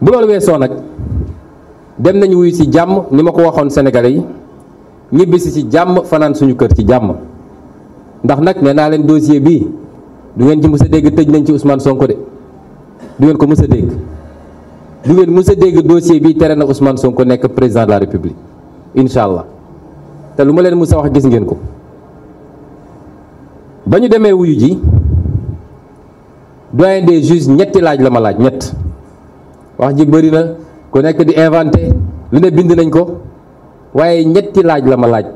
bu loolu weesoo nag dem nañu wuyu ci jàmm ni ma ko waxoon sénégalais yi ñibbisi ci jàmm fanaan suñu kër ci jàmm ndax nag nee naa leen dossier bii du ngeen ci mës a dégg tëj nañ ci Ousmane Sonko de du ngeen ko mës a dégg du ngeen mës dégg dossier bii tere na Ousmane Sonko nekk président de la République incha allah te lu ma leen mës a wax gis ngeen ko ba ñu demee wuyu ji doyen des juges ñetti laaj la ma laaj ñett. wax ji bëri na ku nekk di inventé lu ne bind nañ ko waaye ñetti laaj la ma laaj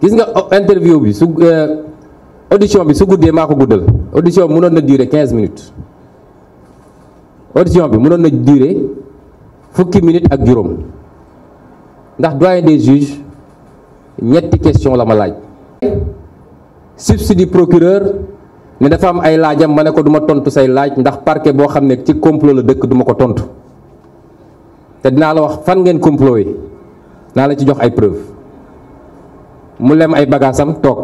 gis nga interview bi su euh, audition bi su guddee maa ko guddal audition bi mënoon na durer 15 minutes audition bi mënoon na durer fukki minutes ak juróom ndax doyen des juges ñetti question la ma laaj substitut procureur ne dafa am ay laajam ma ne ko duma tontu say laaj ndax parquet boo xam ne ci complot la dëkk duma ko tontu te dinaa la wax fan ngeen complot yi naa la ci jox ay preuve mu lem ay bagaasam toog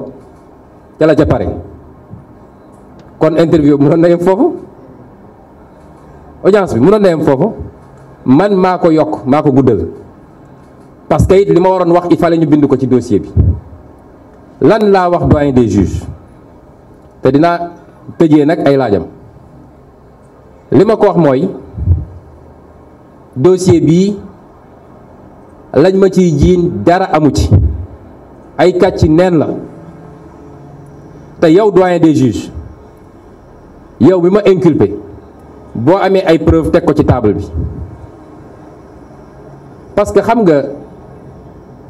ca la ca pare kon interview mu doon na yem foofu audience bi mu doon na yem foofu man maa ko yokk maa ko guddal parce que it li ma waroon wax il fallait ñu bind ko ci dossier bi lan laa wax doyen des juges te dinaa tëjee nag ay laajam li ma ko wax mooy dossier bii lañ ma ciy jiin dara amu ci ay kàcc neen la te yow doyen des juges yow bi ma inculpé boo amee ay preuve teg ko ci table bi parce que xam nga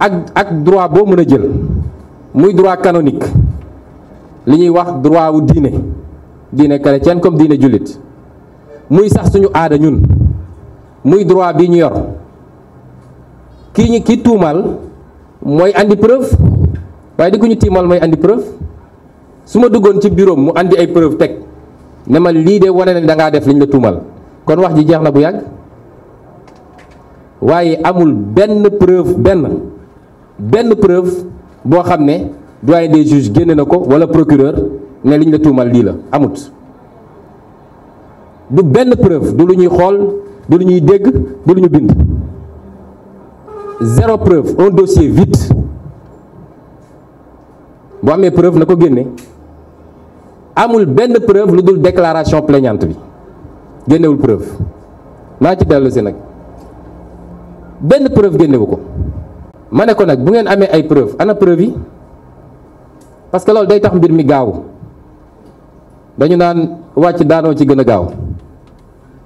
ak ak droit boo jël muy droit canonique li ñuy wax droit wu diine diine chrétienne comme diine jullit muy sax suñu aada ñun muy droit bi ñu yor kii ñu ki tuumal mooy andi preuve waaye di ku ñu tiimal mooy andi preuve su ma duggoon ci bureau mu andi ay preuve teg ne lii de wane na da ngaa def liñ la tuumal kon wax ji jeex na bu yàgg waaye amul benn preuve benn benn preuve boo xam ne doyen des juges génne ko wala procureur ne liñ la tumal lii la amut du benn preuve du luñuy xol du luñuy dégg du luñu bind zéro preuve un dossier vide bo amé preuve nako ko amul benn preuve lu dul déclaration plaignante bi génnewul preuve naa ci dellu si nag benn preuve génnewu ko mané ne ko nak bu ngeen amé ay preuve ana preuve yi parce que loolu day tax mbir mi gaaw dañu naan wàcc daanoo ci gën a gaaw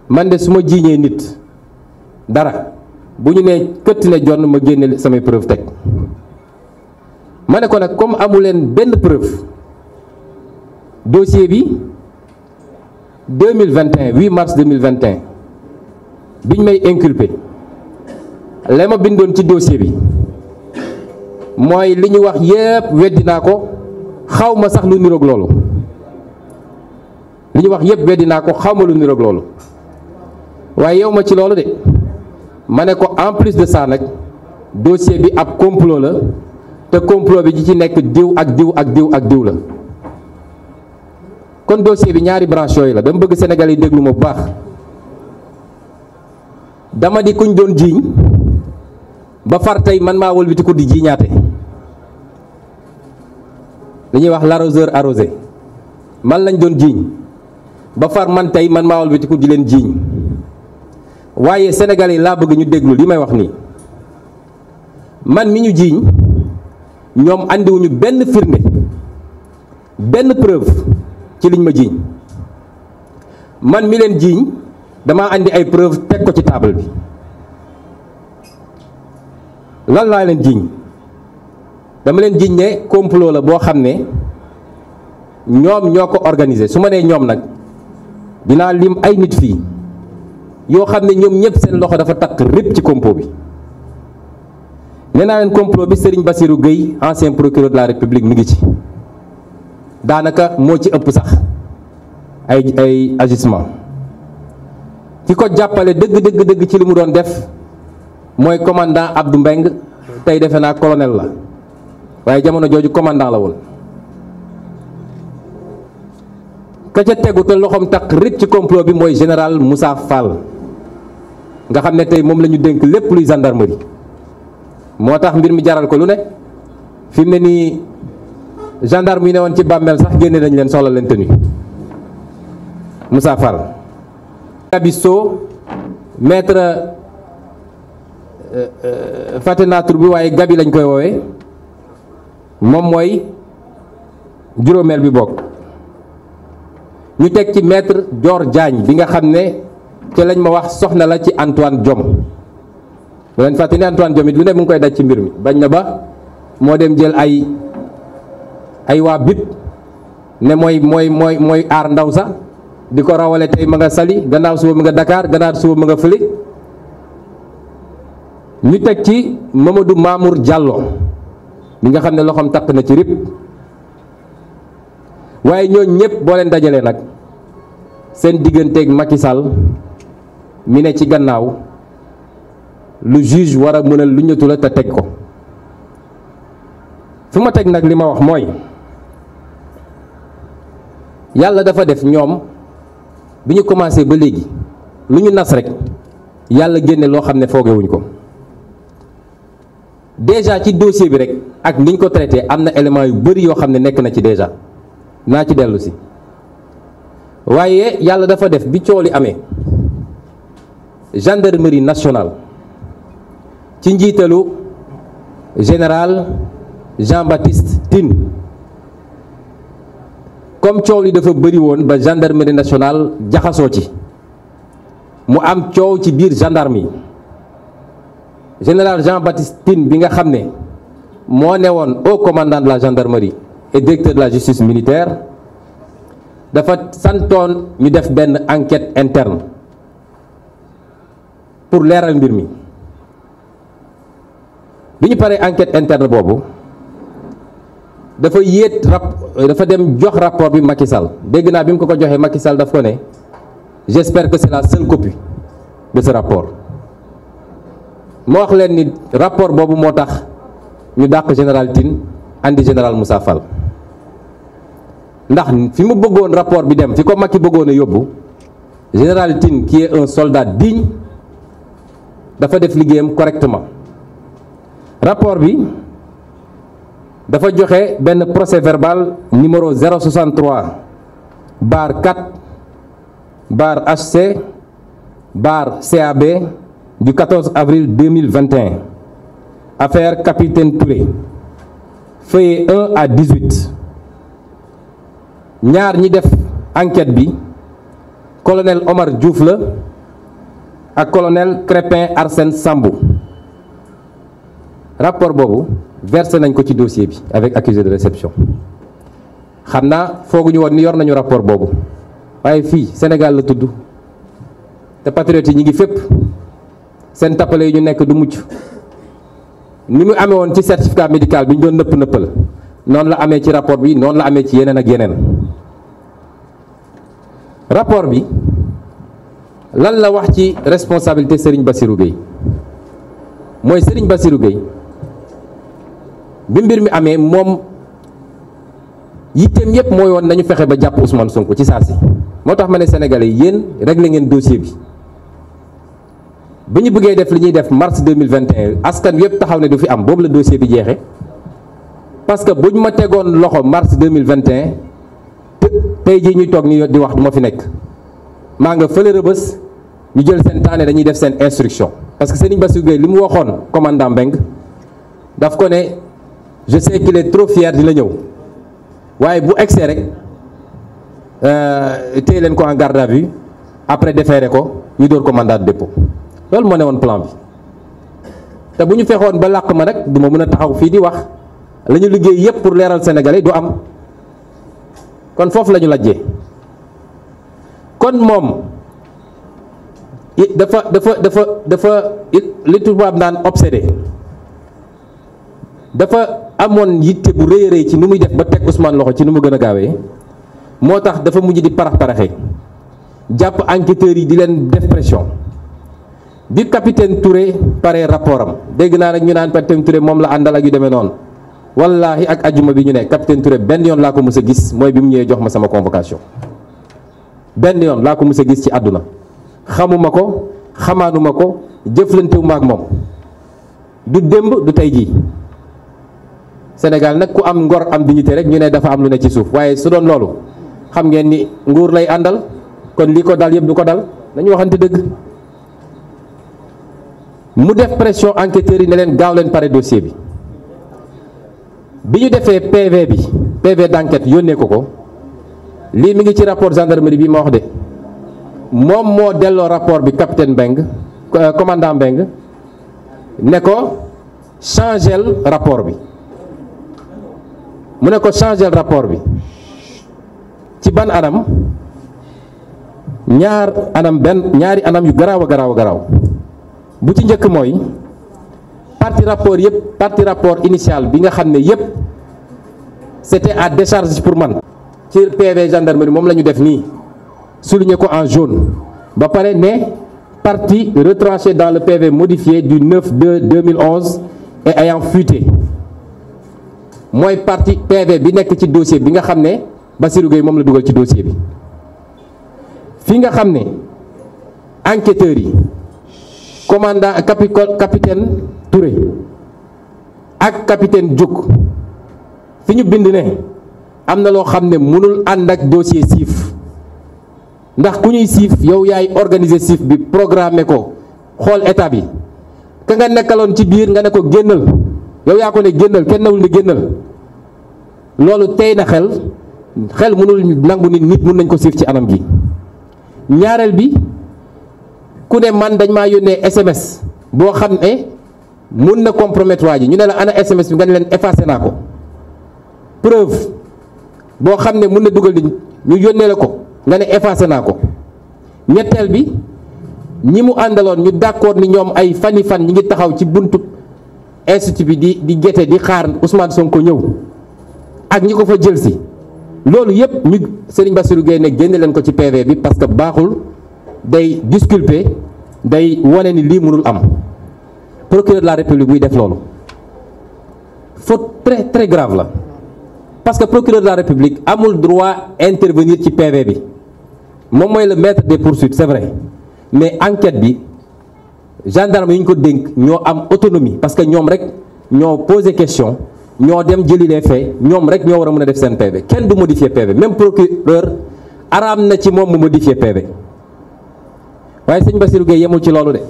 man de su ma jiiñee nit dara bu ñu nee këtt ne jonn ma génne samay preuve teg ma ne ko nag comme amu leen benn preuve dossier bi 2021 8 mars 2021 biñ may inculpé la ma bindoon ci dossier bi mooy li ñu wax yépp weddi naa ko xawma sax lu niroog loolu li ñu wax yëpp weddi naa ko xaw ma lu niroog loolu waaye yow ma ci loolu de ma ne ko en plus de sa nag dossier bi ab complot la te complot bi ji ci nekk diw ak diw ak diw ak diw la kon dossier bi ñaari branche yooyu la dama bëgg Sénégal yi déglu ma bu baax dama di kuñ doon jiiñ ba far tey man maa wëlbatiku di jiiñaate li ñuy wax l'arroseur arrosé man lañ doon jiiñ ba far man tey man maawal bi tiku di leen jiiñ waaye senegal yi laa bëgg ñu déglu li may wax nii man mi ñu jiiñ ñoom àndiwuñu benn firnde benn preuve ci liñ ma jiiñ man mi leen jiiñ dama andi ay preuve teg ko ci table bi lan laa leen jiiñ dama leen jiñ ne complot la boo xam ne ñoom ñoo ko organisé su ma nee ñoom nag dinaa lim ay nit fii yoo xam ne ñoom ñëpp seen loxo dafa takk rëpp ci complot bi nee naa leen complot bi Serigne Bassirou Gueye ancien procureur de la République mu ngi ci daanaka moo ci ëpp sax ay ay agissement ci ko jàppale dëgg dëgg dëgg ci li mu doon def mooy commandant Abdou Mbeng tey defe naa colonel la waaye jamono jooju commandant la woon ka ca tegu te loxoom taq rëcc ci complot bi mooy général Moussa Fall nga xam ne tey moom la ñu dénk lépp luy gendarmerie moo tax mbir mi jaral ko lu ne fi ne nii gendarme yi ne woon ci bàmmeel sax génne nañ leen soxla leen tenue Moussa Fall Gabisso maître euh, euh, fàtte tur bi waaye Gabi lañ koy woowe moom mooy juróomeel bi bokk ñu teg ci maître Dior Diagne bi nga xam ne lañ ma wax soxna la ci Antoine Diome bu leen Antoine Diome it lu ne mu koy ci mbir mi bañ na ba moo dem jël ay ay waa bit ne mooy mooy mooy mooy aar ndaw sax di ko rawale tey ma nga Saly gannaaw suba mu nga Dakar gannaaw nga ñu ci Mamadou Mamour Diallo. mi nga xam ne loo loxoom takk na ci rib waaye ñooñ ñëpp boo leen dajalee nag seen digganteeg Macky Sall mi ne ci gannaaw lu juge war a mënal lu ñëtu la te teg ko fu ma teg nag li ma wax mooy yàlla dafa def ñoom bi ñu commencé ba léegi lu ñu nas rek yàlla génne loo xam ne foogewuñu ko. déjà ci dossier bi rek ak niñ ko traité am na élément yu bëri yoo xam ne nekk na ci déjà naa ci dellu si waaye yàlla dafa def bi coow li amee gendarmerie nationale ci njiitalu général Jean-Baptiste Tine comme coow li dafa bëri woon ba gendarmerie nationale jaxasoo ci mu am coow ci biir gendarme yi général Jean-Baptiste Tine bi nga xam au commandant de la gendarmerie et directeur de la justice militaire dafa Santon ñu def enquête interne pour l'erreur en Birmi. bi ñu enquête interne il dafa yéet rap dafa dem jox rapport de Macky Sall dégg naa bi ko ko Macky Sall j'espère que c'est la seule copie de ce rapport ma wax leen ni rapport boobu moo ñu dàq général Tine andi général Moussa Fall ndax fi mu bëggoon rapport bi dem fi ko Macky bëggoon a yóbbu général qui est un soldat digne dafa def liggéeyam correctement rapport bi dafa joxe ben procès verbal numéro 063 bar 4 bar HC bar CAB du 14 avril 2021, affaire Capitaine Touré, feuillet 1 à 18. ñaar Nidef, def enquête bi colonel Omar Djoufle et colonel Crépin Arsène Sambo rapport Bobo versé dans le dossier avec accusé de réception Xamna faut que nous rapport Bobo Aïe Sénégal tout doux. Les patriotes ñi seen tappale yi ñu nekk du mucc ni mu amee woon ci certificat médical bi ñu doon nëpp nëppal noonu la amee ci rapport bi noonu la amee ci yeneen ak yeneen rapport bi lan la wax ci responsabilité Serigne Bassirou Gueye mooy sëriñ Bassirou Gueye bi mbir mi amee moom yitteem yépp mooy woon nañu fexe ba jàpp Ousmane Sonko ci saa si moo tax ma ne Sénégalais yéen réglé ngeen dossier bi bi ñu def li ñuy def mars 2021 askan yëpp taxaw ne du fi am boobu la dossier bi jeexee parce que buñ ma tegoon loxo mars 2021 te tey jii ñuy toog ni di wax du ma fi nekk maa nga fële rëbës ñu jël seen taane dañuy def seen instruction parce que Serigne Bassirou Gueye li mu waxoon commandant Mbeng daf ko ne je sais qu'il est trop fier di la ñëw waaye bu egsee rek euh, téye leen ko en garde à vue après déféré ko ñu door ko mandat de dépôt loolu moo ne woon plan bi te bu ñu fexoon ba làq ma nag du ma mën a taxaw fii di wax la ñu liggéey pour leeral sénégalais du am kon foofu la ñu kon mom. dafa dafa dafa dafa li tubaab naan obsédé dafa amoon yitte bu rëy a rëy ci nu muy def ba teg Ousmane loxo ci nu mu gën a dafa mujj di parax paraxe jàpp enquêteurs yi di leen def pression bi capitaine Touré pare rapport am dégg naa nag ñu naan capitaine Touré moom la àndal ak yu demee noonu wallaahi ak ajuma bi ñu ne capitaine Touré benn yoon laa ko mës a gis mooy bi mu ñëwee jox ma sama convocation benn yoon laa ko mës a gis ci àdduna xamuma ko xamaanuma ko jëflantewuma ak moom du démb du tey jii Sénégal nag ku am ngor am dignité rek ñu ne dafa am lu ne ci suuf waaye su doon loolu xam ngeen ni nguur lay àndal kon lii ko dal yëpp du ko dal nañu waxante dëgg. mu def pression enquêteurs yi ne leen gaaw leen pare dossier bi bi ñu defee PV bi PV d' yónnee ko ko lii mi ngi ci rapport gendarmerie bi ma wax de moom moo delloo rapport bi capitaine Mbengue euh, commandant Mbengue ne ko changel rapport bi mu ne ko changel rapport bi ci ban anam ñaar anam benn ñaari anam yu garaaw a garaaw a garaaw bu ci parti rapport yëpp parti rapport initial bi c'était à décharge pour man. ci PV gendarmerie moom la ñu def nii Souligné en jaune ba pare ne parti retranché dans le PV modifié du 9 2 2011 et ayant fuité mooy parti PV bi nekk ci dossier bi nga xam ne Bassirou Gueye moom la dossier bi fi nga yi. commandant capitaine Touré ak capitaine Diouk fi ñu bind ne am na loo xam ne mënul ànd ak dossier siif ndax ku ñuy siif yow yaay organiser siif bi programme ko xool état bi ka nga nekkaloon ci biir nga ne ko génnal yow yaa ko ne génnal kenn newul ne génnal loolu tey na xel xel mënul nangu nit nit mën nañ ko siif ci anam gi ñaareel bi ku ne man dañ maa yónnee SMS boo xam ne mun na compromettre waa ji ñu ne la ana SMS bi nga ne leen effacé naa ko preuve boo xam ne mun na dugal nit ñu yónnee la ko nga ne effacé naa ko ñetteel bi ñi mu àndaloon ñu d'accord ni ñoom ay fani fan ñi ngi taxaw ci buntu institut bi di di géte di xaar Ousmane Sonko ñëw ak ñi ko fa jël si loolu yëpp ñu Serigne Bassirou Gueye ne génne leen ko ci PV bi parce que baaxul. day disculper day wane ni li mënul am procureur de la république buy def lolu faute très très grave la parce que procureur de la république amul droit intervenir ci PV bi mom moy le maître des poursuites c'est vrai mais enquête bi gendarme yi une ko dénk ño am autonomie parce que ñom rek ño posé question ño dem jëli les faits ñom rek ño wara a def sen PV ken du modifier PV même procureur aram na ci mom mu modifier PV waaye sëñ yemul ci loolu de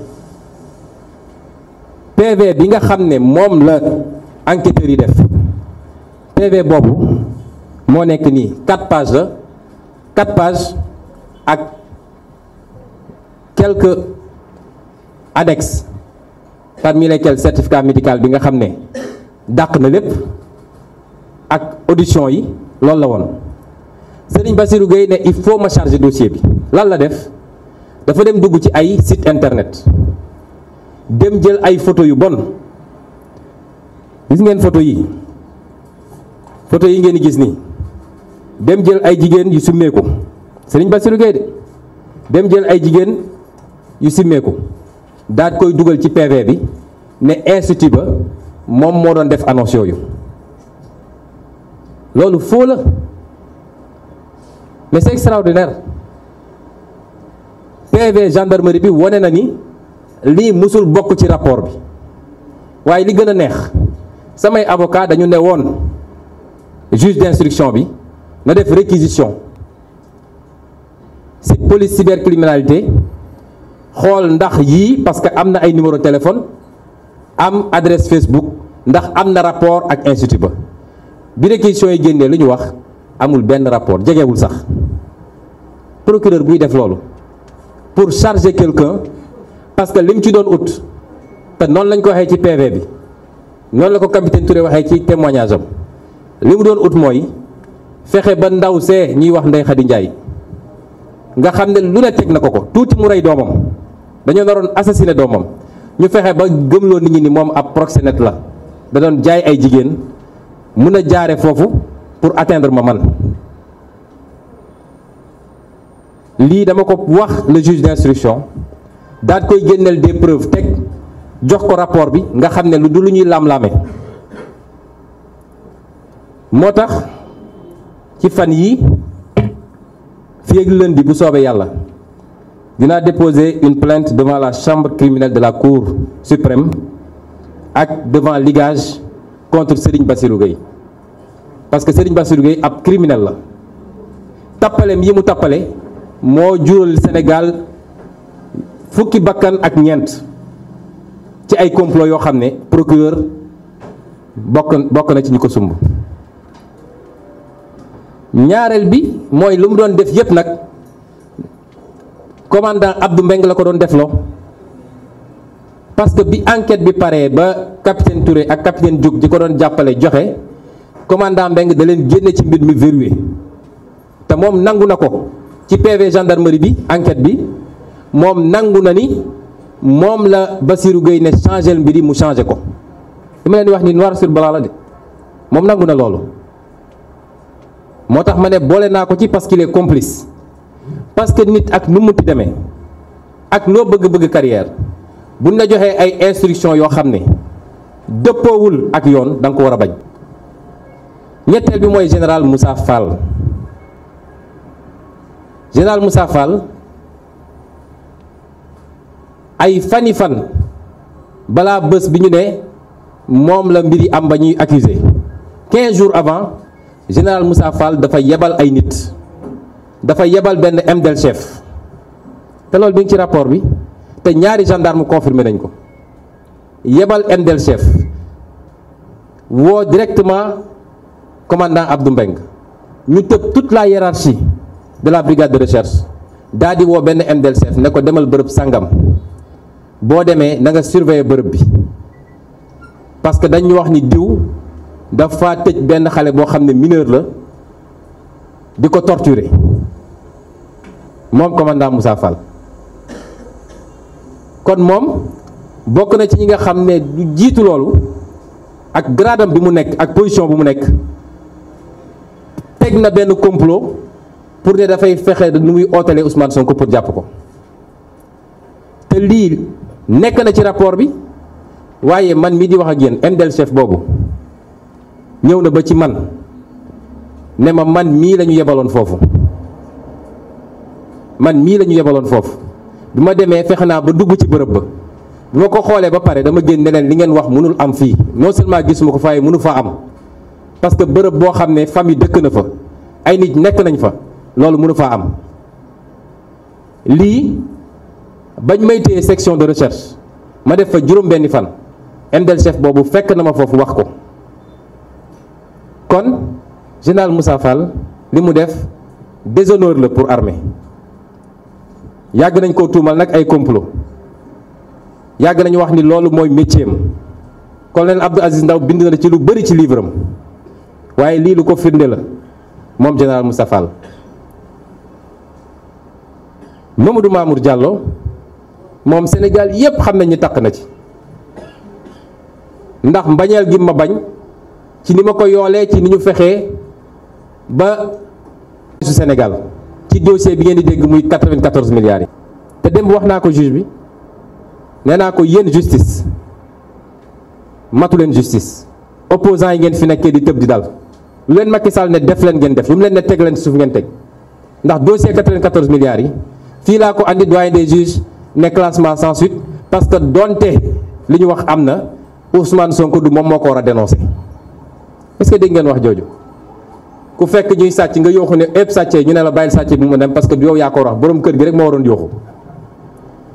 PV bi nga xam ne la yi PV boobu moo nekk nii quatre pages la quatre pages ak quelques annexes parmi lesquels certificat médical bi nga xam ne na lépp ak audition yi loolu la woon que gay ne il faut ma charger dossier bi la def. dafa dem dugg ci ay site internet dem jël ay photo yu bon gis ngeen photo yi photo yi ngeen gis nii dem jël ay jigéen yu simmeeku Serigne Bassirou Gueye de dem jël ay jigéen yu simmeeku daat koy dugal ci PV bi ne institut ba moom moo doon def annonce yooyu loolu faux la mais extraordinaire PV gendarmerie bi woné na ni li musul bokk ci rapport bi waye li gëna c'est neex samay avocat dañu néwon juge d'instruction bi na def réquisition c'est police cybercriminalité xol ndax yi parce que amna ay numéro téléphone am adresse Facebook ndax amna rapport ak institut ba bi réquisition yi génnee luñu wax amul ben rapport wul sax procureur buy def loolu pour charger quelqu'un parce que lim tu ci doon ut te non lañ ko waxé ci PV bi non la ko capitaine Touré waxé ci témoignage am li mu doon ut mooy fexe ba ndaw see ñuy wax Ndeye Khady nga xamné lu na ko ko tuuti mu rey domam dañu naroon assassiné domam. ñu fexé ba gëmloo nit ñi ni moom ab proxénète la da doon jaay ay jigen mun a jaare pour atteindre ma man li dama ko wax le juge d'instruction daal koy génneel des preuves teg jox ko rapport bi nga xam ne lu du lu ñuy lam-lame moo tax ci fan yi fii ak lundi bu soobee yàlla dinaa déposer une plainte devant la chambre criminelle de la cour suprême ak devant l'égage contre Serigne Bassirou Gueye parce que Serigne Bassirou Gueye ab criminel la tappaleem yi mu moo jural Sénégal fukki bakkan ak ñeent ci ay complot yoo xam ne procureur bokk bokk na ci ñu ko sumb ñaareel bi mooy lu mu doon def yépp nag commandant Abdou Mbengue la ko doon defloo parce que bi enquête bi paree ba capitaine ture ak capitaine Diouk di ko doon jàppale joxe commandant Mbengue da leen génne ci mbir mi verrouillé te moom nangu na ko ci PV gendarmerie bi enquête bi moom nangu na ni moom la Bassirou Gueye ne changé mbiri mu changé ko li ma leen wax ni noir sur blanc la de moom nangu na loolu moo tax ma ne boole naa ko ci parce qu'il est complice parce que nit ak nu mu ti demee ak noo bëgg-bëgg carrière bu la joxee ay instruction yoo xam ne dëppoowul ak yoon danga ko war a bañ ñetteel bi mooy général Moussa Fall général Moussa Fall ay fani fan bala bés bi ñu ne la mbiri am ba ñuy accusé 15 jours avant général Moussa Fall dafa yebal ay nit dafa yebal ben MDL chef té loolu bi ci rapport bi té ñaari gendarme confirmé nañ ko yebal MDL chef wo directement commandant Abdou Mbeng ñu tëb toute la hiérarchie de la brigade de recherche Dadi wo ben ne ko demal sangam bo demé na nga surveiller parce que ñu wax ni diw dafa fa benn ben xalé bo ne mineur la torturer commandant Moussa Fall kon mom a na du ak gradam bi mu position bi complot pour ne dafay fexe nu muy ootalee Ousmane Sonko pour jàpp ko te lii nekk na ci rapport bi waaye man mii di wax ak yéen MDL chef boobu ñëw na ba ci man ne ma man mii la ñu yebaloon foofu man mii lañu ñu yebaloon foofu bi ma demee fexe naa ba dugg ci bërëb ba bi ko xoolee ba pare dama génn ne li ngeen wax mënul am fii noo seulement gisuma ko faaye mënu fa am parce que bërëb boo xam ne famille dëkk na fa ay nit nekk nañ fa loolu mënu faa am lii bañ may téye section de recherche ma def fa juróom benni fan MDL chef boobu fekk na ma foofu wax ko kon général Moussa li mu def déshonneur la pour armée yàgg nañ ko tuumal nag ay complot yàgg nañu wax ni loolu mooy métier am colonel Abdou Aziz Ndaw bind na ci lu bëri ci livre am waaye lii lu ko firnde la moom général Moussa Mamadou Mamour jàlloo moom Sénégal yépp xam nañ ni takk na ci ndax mbañeel gi ma bañ ci ni ma ko yoolee ci ni ñu fexee ba su Sénégal ci dossier bi ngeen di dégg muy 94 milliards yi. te dem wax naa ko juge bi nee naa ko yéen justice matu leen justice opposants yi ngeen fi nekkee di tëb di dal lu leen Macky Sall ne def leen ngeen def lu mu leen ne teg leen suuf ngeen teg ndax dossier 94 milliards yi. fii laa ko andi doyen des juges ne classement sans suite parce que donte li ñu wax am na Ousmane Sonko du moom moo ko war a dénoncé est-ce que dégg ngeen wax jooju ku fekk ñuy sàcc nga yooxu ne ëpp sàccee ñu ne la bàyyil sàccee bi mu dem parce que yow yaa ko wax borom kër gi rek moo waroon yooxu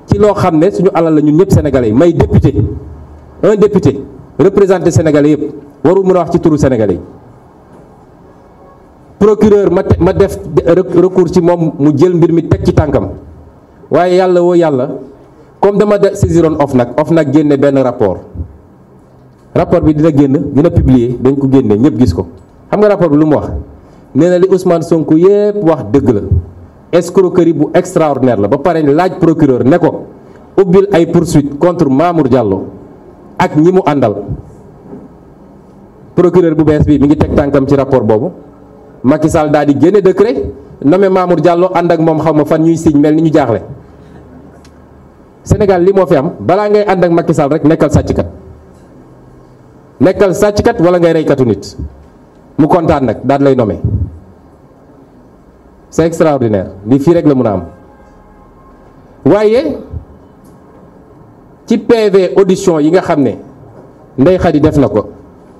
ci loo xam ne suñu alal la ñun ñëpp sénégalais yi may député un député représenté sénégalais yëpp warul mun a wax ci turu sénégalais yi. procureur ma ma def recours ci moom mu jël mbir mi teg ci tànkam waaye yàlla woo yàlla comme dama de saisiroon OFNAC OFNAC génne benn rapport rapport bi dina génn dina publier dañ ko génne ñëpp gis ko xam nga rapport bi lu mu wax nee na li Ousmane Sonko yépp wax dëgg la escroquerie bu extraordinaire la ba pare laaj procureur ne ko ubbil ay poursuite contre Mamour jàlloo ak ñi mu àndal procureur bu bees bii mi ngi teg tànkam ci rapport boobu Macky Sall daal di génne décret nommé Mamour Diallo ànd ak moom xaw fan ñuy signe mel ni ñu jaaxle Sénégal li moo fi am balaa ngay ànd ak Macky Sall rek nekkal sàcckat nekkal sàcckat wala ngay reykatu nit mu kontaan nag daal lay nome c'est extraordinaire li fii rek la mun a am waaye ci PV audition yi nga xam ne Ndeye Khady def na ko.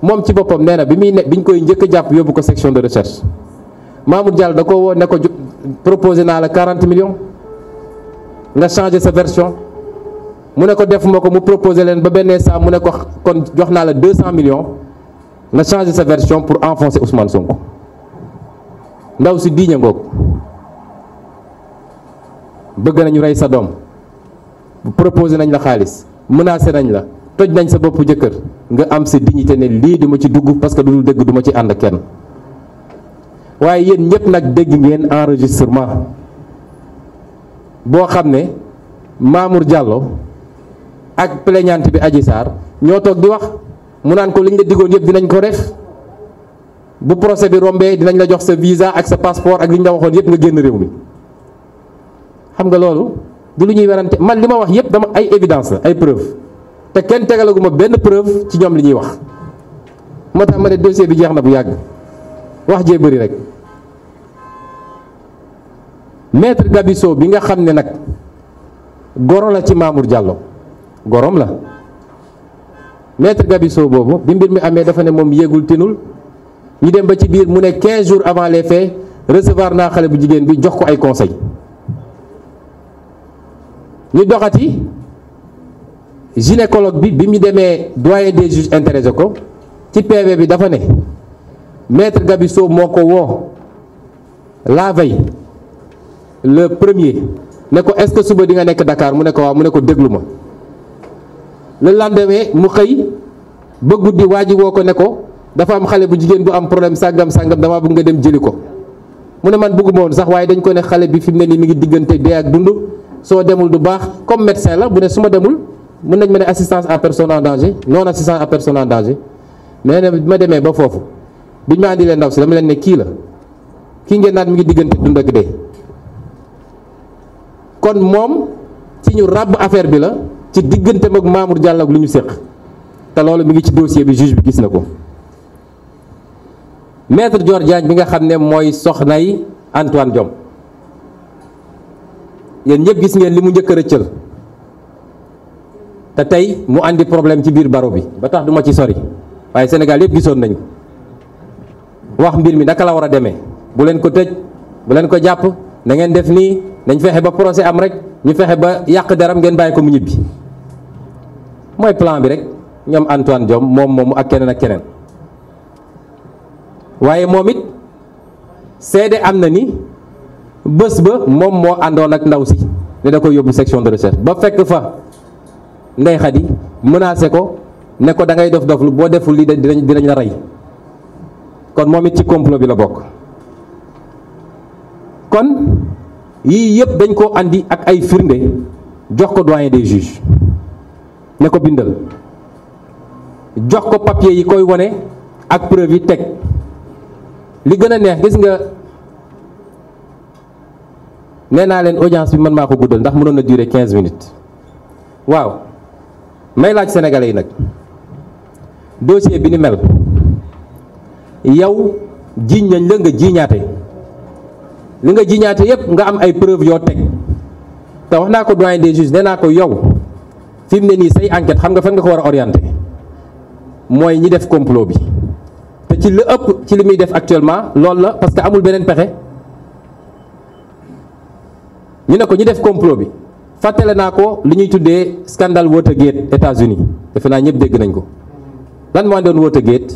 moom ci boppam nee na bi muy ne bi koy section de recherche Mamour Diallo da ko proposé 40 millions nga changé sa version mu ne ko mu proposé ba mu 200 millions changé sa version pour enfoncer Ousmane Sonko ndaw si diiñe bëgg nañu rey sa nañ la xaalis menacé nañ la toj nga am sa dignité ne lii duma ci dugg parce que lu dul dëgg duma ci ànd kenn waaye yéen ñëpp nag dégg ngeen enregistrement boo xam Mamour Diallo ak plaignante bi Adji ñoo toog di wax mu naan ko liñ la diggoon yëpp dinañ ko def bu procès bi rombee dinañ la jox sa visa ak sa passeport ak liñ la waxoon yëpp nga génn réew mi xam nga loolu du lu ñuy man li wax yëpp dama ay évidence ay preuve te kenn tegalaguma benn preuve ci ñoom li ñuy wax moo tax ma ne dossier bi jeex na bu yàgg wax jee bari rek maître Gabisso bi nga xam ne nag goro la ci Mamour Diallo gorom la metre Gabisso boobu bi mbir mi amee dafa ne moom yéegul tinul ñu dem ba ci biir mu ne 15 jours avant les faits recevoir naa xale bu jigéen bi jox ko ay conseil ñu doxati gynécologue bi bi mu demee doyen des juges intéressé ko ci PV bi dafa né maître Gabisso moko wo la veille le premier né ko est-ce que suba di nga nek Dakar mu né ko wa mu né ko déglu le lendemain mu xey ba guddi waa ji woo ko ne ko dafa am xalé bu jigéen bu am problème sàngam sangam dama bëgg nga dem jëli ko mu né man bëgguma woon sax waye dañ ko né xalé bi fi mu ne mi ngi diggante dé ak dundu so demul du baax comme médecin la bu né suma ma demul. mën nañ ma ne assistance à personne en danger non assistance à personne en danger mais nag ma demee ba foofu biñ ma andilee ndaw si dama leen ne kii la kii ngeen naat mi ngi diggante dund ak dee kon moom ci ñu ràbb affaire bi la ci digganteem ak Mamour Diallo ak lu ñu séq te loolu mi ngi ci dossier bi juge bi gis na ko maître joor Diagne bi nga xam ne mooy soxnay Antoine Diome yéen ñëpp gis ngeen li mu njëkk a rëccal te tey mu andi problème ci biir baro bi ba tax du ma ci sori waaye Sénégal yëpp gisoon nañ wax mbir mi naka la war a demee bu leen ko tëj bu leen ko jàpp na ngeen def nii nañ fexe ba procès am rek ñu fexe ba yàq deram ngeen bàyyi mu ñibbi mooy plan bi rek ñoom Antoine Diome moom moomu ak keneen ak keneen waaye moom it seede ni bés ba moom moo àndoon ak ndaw si ne da ko section de recherche ba fekk fa Ndeye Khady menacé ko ne ko da ngay dof dof lu boo deful lii dinañ dinañ la rey kon moom it ci complot bi la bokk kon yii yëpp dañ koo indi ak ay firnde jox ko doyen des juges ne ko bindal jox ko papier yi koy wone ak preuve yi teg li gën a neex gis nga nee naa leen audience bi man maa ko guddal ndax mënoon na durer quinze minutes waaw may laaj sénégalais yi nag dossier bi ni mel yow jiiñ nañ la nga jiiñaate li nga jiiñaate yépp nga am ay preuve yoo teg te wax naa ko doyen des juges nee naa ko yow fi mu ne nii say enquête xam nga fan nga ko war a orienté mooy ñi def complot bi te ci li ëpp ci li muy def actuellement loolu la parce que amul beneen pexe ñu ne ko ñi def complot bi fàttale naa ko li ñuy scandale Watergate États-Unis defe naa ñëpp dégg nañ ko lan moo doon Watergate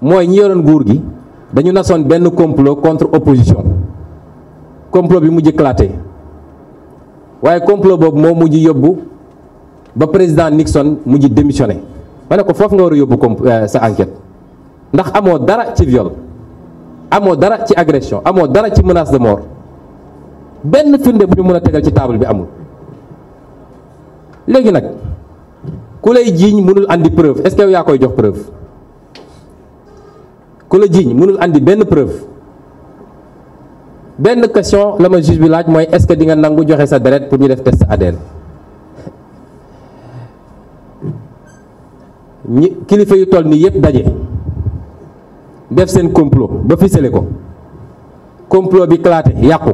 moy ñi yoroon nguur gi dañu nasone benn complot contre opposition complot bi mu éclaté waye complot boobu mo mu yóbbu ba président Nixon mu démissionné ma ne ko foofu nga war a comp euh, sa enquête ndax amo dara ci viol amo dara ci agression Amo, dara ci menace de mort benn firnde bu ñu mëna tégal ci table bi amul. léegi nag ku lay jiiñ mënul àndi preuve est yaa koy jox preuve ku la jiiñ mënul andi benn preuve benn question la ma juge bi laaj mooy est-ce que di nga nangu joxe sa deret pour ñu def test ADN ñi kilifa yu toll nii yëpp daje def seen complot ba ficelé ko complot bi claté yàqu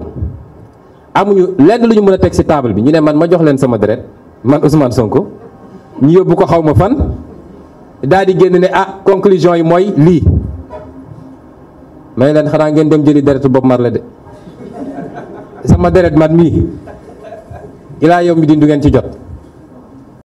amuñu lenn lu ñu mën a teg ci table bi ñu ne man ma jox leen sama deret man Ousmane Sonko ñu yóbbu ko xaw ma fan daal di génn ne ah conclusion yi mooy lii may leen xanaa ngeen dem jëli deretu Bob Marley de sama deret man mii ilaa yow mi di du ngeen ci jot.